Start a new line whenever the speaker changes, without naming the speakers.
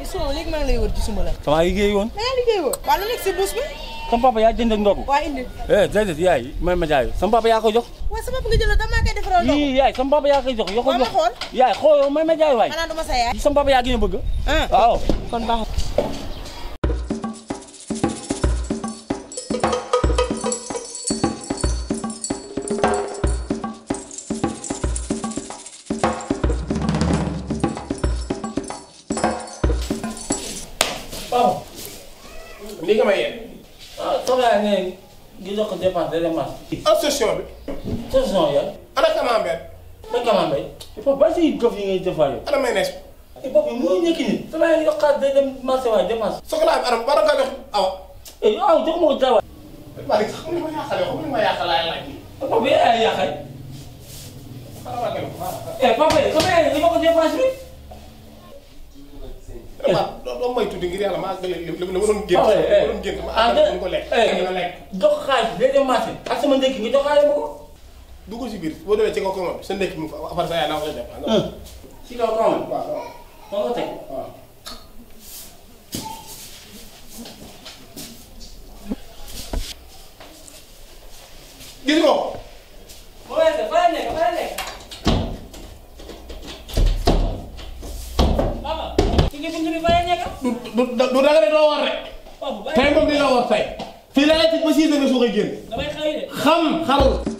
gisuma léegi maa ngi lay wër gisuma la. damaa liggéey woon. da ngaa liggéey woon waaw lu nekk si bus bi. sama papa yaa jënd ndogu. waaw indi. eh déedéet yaay may ma jaay sama papa yaa ko jox. waaw sama papa nga jëloon damaa koy defaral ndogu. yii yaay sama papa yaa koy jox. yoo ko jox yaay xool may ma jaay waay. xanaa du ma sa yaay. sama papa yaa gën a bëgg. Ah. waaw kon baax Liga, Maia. Estou lá, né? Gizo ko dépense rek mas. Association bi. Association ya. Ana kama mbé. Ma kama mbé. Il faut pas si gof yi ngay defal yo. Ana may nes. Il faut mu ñëk ni. Sama yokkat day dem marché way dépense. Soxla am aram bara nga def aw. Eh aw jox mo dawa. Malik sax mu ma yaakal yo, mu ma yaakal ay laaj. Ko bi ay yaakal. Xara ba ko. Eh papa, sama loo may tudd ngir yàlla maa ngi leen li ah, ma doon génn. waaw waaw doon génn ma àggal ko lekk. dina lekk jox xaalis day dem marché ak sama ndekki nga jox xaalis ma ko. dugg si biir boo demee ci kaw commune bi sa ndekki mu fa affaire sa yaay naa ko def. Ah. ci kaw commune. waaw waaw ma ko teg waaw. gis nga ko. ma lay def ma lay nekk ma lay nekk. du du du danga ne doo war rek. tey moom dina war tey. fii laa la tëj ba six heures nga soog a génn. xam